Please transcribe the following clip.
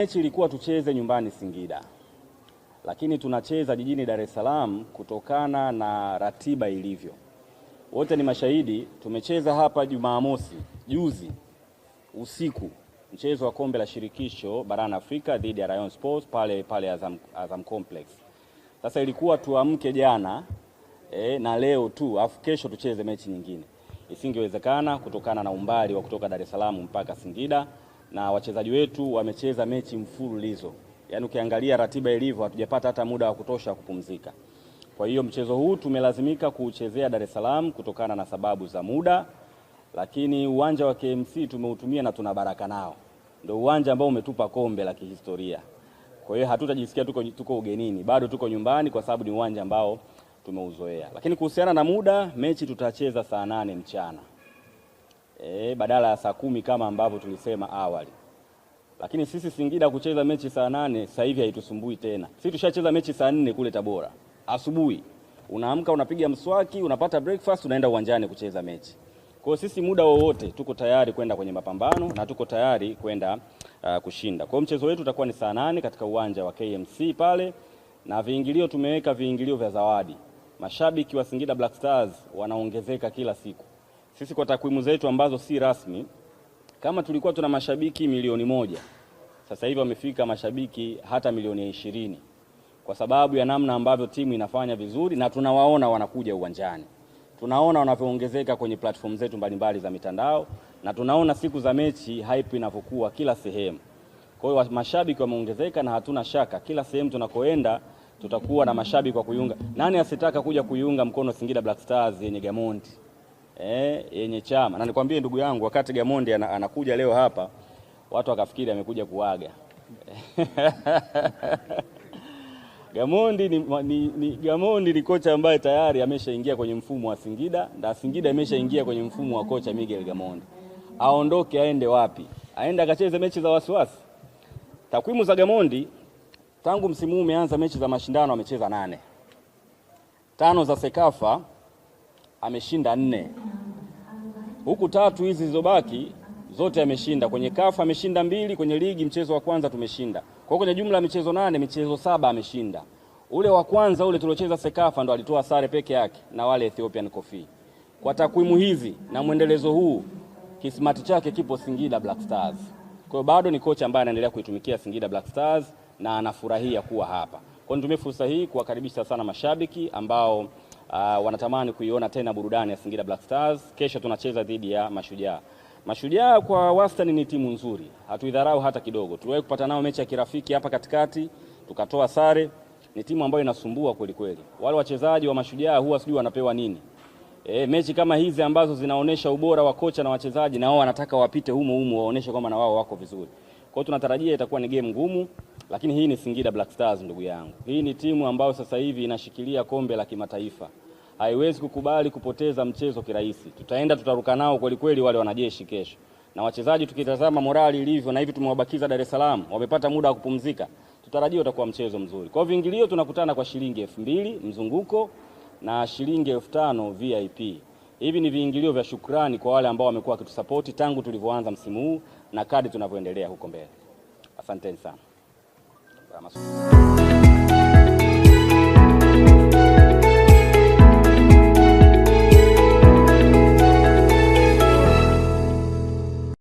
Mechi ilikuwa tucheze nyumbani Singida, lakini tunacheza jijini Dar es Salaam kutokana na ratiba ilivyo. Wote ni mashahidi, tumecheza hapa Jumamosi juzi usiku mchezo wa kombe la shirikisho barani Afrika dhidi ya Rayon Sports pale pale Azam, Azam Complex. Sasa ilikuwa tuamke jana e, na leo tu afu kesho tucheze mechi nyingine, isingewezekana kutokana na umbali wa kutoka Dar es Salaam mpaka Singida na wachezaji wetu wamecheza mechi mfululizo, yaani ukiangalia ratiba ilivyo, hatujapata hata muda wa kutosha kupumzika. Kwa hiyo mchezo huu tumelazimika kuuchezea Dar es Salaam kutokana na sababu za muda, lakini uwanja wa KMC tumeutumia na tuna baraka nao, ndio uwanja ambao umetupa kombe la kihistoria. Kwa hiyo hatutajisikia tuko, tuko ugenini, bado tuko nyumbani kwa sababu ni uwanja ambao tumeuzoea. Lakini kuhusiana na muda, mechi tutacheza saa nane mchana e, badala ya saa kumi kama ambavyo tulisema awali. Lakini sisi Singida kucheza mechi saa nane sasa hivi haitusumbui tena. Sisi tushacheza mechi saa nne kule Tabora asubuhi, unaamka unapiga mswaki unapata breakfast unaenda uwanjani kucheza mechi. Kwa sisi muda wowote tuko tayari kwenda kwenye mapambano na tuko tayari kwenda uh, kushinda. Kwa mchezo wetu utakuwa ni saa nane katika uwanja wa KMC pale, na viingilio tumeweka viingilio vya zawadi. Mashabiki wa Singida Black Stars wanaongezeka kila siku sisi kwa takwimu zetu ambazo si rasmi, kama tulikuwa tuna mashabiki milioni moja, sasa hivi wamefika mashabiki hata milioni ishirini kwa sababu ya namna ambavyo timu inafanya vizuri na tunawaona wanakuja uwanjani, tunaona wanavyoongezeka kwenye platform zetu mbalimbali za mitandao, na tunaona siku za mechi hype inavyokuwa kila sehemu. Kwa hiyo mashabiki wameongezeka, na hatuna shaka kila sehemu tunakoenda tutakuwa na mashabiki wa kuiunga. Nani asitaka kuja kuiunga mkono Singida Black Stars yenye Gamondi? eh, yenye chama. Na nikwambie ndugu yangu, wakati Gamondi anakuja leo hapa watu wakafikiri amekuja kuaga Gamondi ni, ni, ni, Gamondi ni kocha ambaye tayari ameshaingia kwenye mfumo wa Singida na Singida ameshaingia kwenye mfumo wa kocha Miguel Gamondi. Aondoke aende wapi? Aende akacheze mechi za wasiwasi? Takwimu za Gamondi tangu msimu huu umeanza, mechi za mashindano amecheza nane, tano za Sekafa ameshinda nne huku tatu hizi zilizobaki zote ameshinda. Kwenye kafu ameshinda mbili, kwenye ligi mchezo wa kwanza tumeshinda. Kwa hiyo kwenye jumla ya michezo nane, michezo saba ameshinda. Ule wa kwanza ule tuliocheza Sekafa ndo alitoa sare peke yake na wale Ethiopian Coffee. Kwa takwimu hizi na mwendelezo huu, kismati chake kipo Singida Black Stars. Kwa hiyo bado ni kocha ambaye anaendelea kuitumikia Singida Black Stars na anafurahia kuwa hapa. Kwa hiyo nitumie fursa hii kuwakaribisha sana mashabiki ambao uh, wanatamani kuiona tena burudani ya Singida Black Stars. Kesho tunacheza dhidi ya Mashujaa. Mashujaa kwa wastani ni timu nzuri, hatuidharau hata kidogo. Tuliwahi kupata nao mechi ya kirafiki hapa katikati tukatoa sare. Ni timu ambayo inasumbua kweli kweli. Wale wachezaji wa Mashujaa huwa sijui wanapewa nini. E, mechi kama hizi ambazo zinaonesha ubora wa kocha na wachezaji, na wao wanataka wapite humo humo waoneshe kwamba na wao wako vizuri. Kwa hiyo tunatarajia itakuwa ni game ngumu. Lakini hii ni Singida Black Stars, ndugu yangu. Hii ni timu ambayo sasa hivi inashikilia kombe la kimataifa, haiwezi kukubali kupoteza mchezo kirahisi. Tutaenda tutaruka nao kweli kweli wale wanajeshi kesho, na wachezaji tukitazama morali ilivyo, na hivi tumewabakiza Dar es Salaam, wamepata muda wa kupumzika, tutarajia utakuwa mchezo mzuri. Kwa viingilio tunakutana kwa shilingi elfu mbili mzunguko na shilingi elfu tano VIP. Hivi ni viingilio vya shukrani kwa wale ambao wamekuwa wakitusapoti tangu tulivyoanza msimu huu na kadi tunavyoendelea huko mbele. Asanteni sana. 話します。